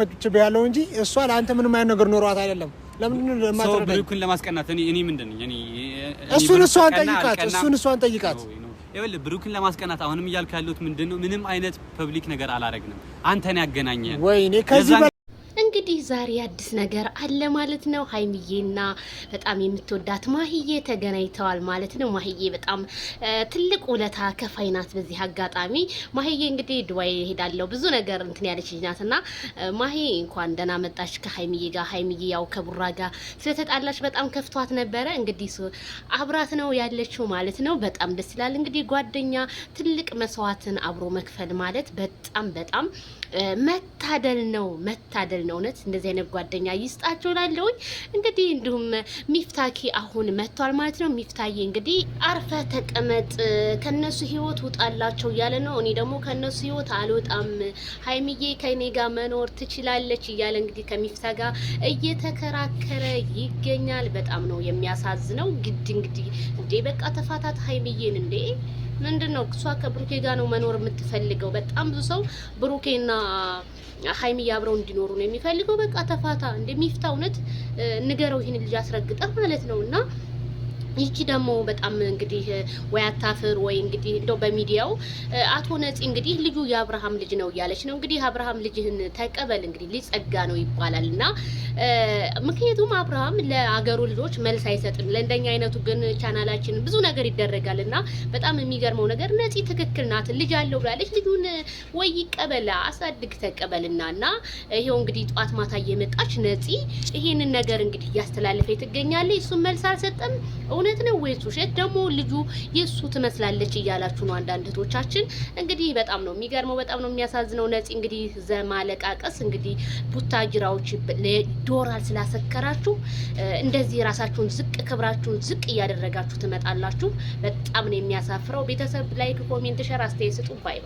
መጥቼ ያለው እንጂ እሷ ለአንተ ምንም አይነት ነገር ኖሯት አይደለም። ለምንድን ብሩክን ለማስቀናት እኔ እኔ ምንድን ነኝ? እሱን እሷን ጠይቃት፣ እሱን እሷን ጠይቃት። ይኸውልህ ብሩክን ለማስቀናት አሁንም እያልኩ ያለሁት ምንድን ነው፣ ምንም አይነት ፐብሊክ ነገር አላረግንም። አንተን ያገናኘ ወይ እኔ ከዚህ ዛሬ አዲስ ነገር አለ ማለት ነው። ሀይሚዬና በጣም የምትወዳት ማህዬ ተገናኝተዋል ማለት ነው። ማህዬ በጣም ትልቅ ውለታ ከፋይ ናት። በዚህ አጋጣሚ ማህዬ እንግዲህ ድዋይ ሄዳለው ብዙ ነገር እንትን ያለች ልጅ ናት እና ማሄ እንኳን ደህና መጣች ከሀይሚዬ ጋር። ሀይሚዬ ያው ከቡራ ጋር ስለተጣላች በጣም ከፍቷት ነበረ። እንግዲህ አብራት ነው ያለችው ማለት ነው። በጣም ደስ ይላል እንግዲህ ጓደኛ ትልቅ መስዋዕትን አብሮ መክፈል ማለት በጣም በጣም መታደል ነው መታደል ነው እውነት እንደዚህ አይነት ጓደኛ ይስጣቸው ላለውኝ እንግዲህ እንዲሁም ሚፍታኪ አሁን መጥቷል ማለት ነው። ሚፍታዬ እንግዲህ አርፈ ተቀመጥ ከነሱ ህይወት ውጣላቸው እያለ ነው። እኔ ደግሞ ከነሱ ህይወት አልወጣም፣ ሀይሚዬ ከእኔ ጋር መኖር ትችላለች እያለ እንግዲህ ከሚፍታ ጋር እየተከራከረ ይገኛል። በጣም ነው የሚያሳዝነው። ግድ እንግዲህ እንዴ በቃ ተፋታት ሀይሚዬን እንዴ ምንድን ነው እሷ ከብሩኬ ጋር ነው መኖር የምትፈልገው። በጣም ብዙ ሰው ብሩኬና ሀይሚዬ አብረው እንዲኖሩ ነው የሚፈልገው። በቃ ተፋታ እንደሚፍታ እውነት ንገረው፣ ይህን ልጅ አስረግጠህ ማለት ነው እና ይቺ ደግሞ በጣም እንግዲህ ወይ አታፍር ወይ እንግዲህ እንደው በሚዲያው አቶ ነፂ እንግዲህ ልጁ የአብርሃም ልጅ ነው እያለች ነው እንግዲህ አብርሃም ልጅህን ተቀበል እንግዲህ ሊጸጋ ነው ይባላል እና ምክንያቱም አብርሃም ለአገሩ ልጆች መልስ አይሰጥም። ለእንደኛ አይነቱ ግን ቻናላችን ብዙ ነገር ይደረጋል እና በጣም የሚገርመው ነገር ነፂ ትክክል ናት። ልጅ አለው ብላለች። ልጁን ወይ ይቀበላ አሳድግ ተቀበልና እና ይሄው እንግዲህ ጧት ማታ እየመጣች ነፂ ይሄንን ነገር እንግዲህ እያስተላለፈ ትገኛለች። እሱም መልስ አልሰጠም። እውነት ነው ወይስ ውሸት? ደግሞ ልጁ የእሱ ትመስላለች እያላችሁ ነው አንዳንድ እህቶቻችን። እንግዲህ በጣም ነው የሚገርመው፣ በጣም ነው የሚያሳዝነው። ነፂ እንግዲህ ዘማለቃቀስ እንግዲህ ቡታጅራዎች ዶራል ስላሰከራችሁ እንደዚህ ራሳችሁን ዝቅ ክብራችሁን ዝቅ እያደረጋችሁ ትመጣላችሁ። በጣም ነው የሚያሳፍረው። ቤተሰብ ላይክ፣ ኮሜንት፣ ሸር አስተያየት ስጡ። ባይ ባይ።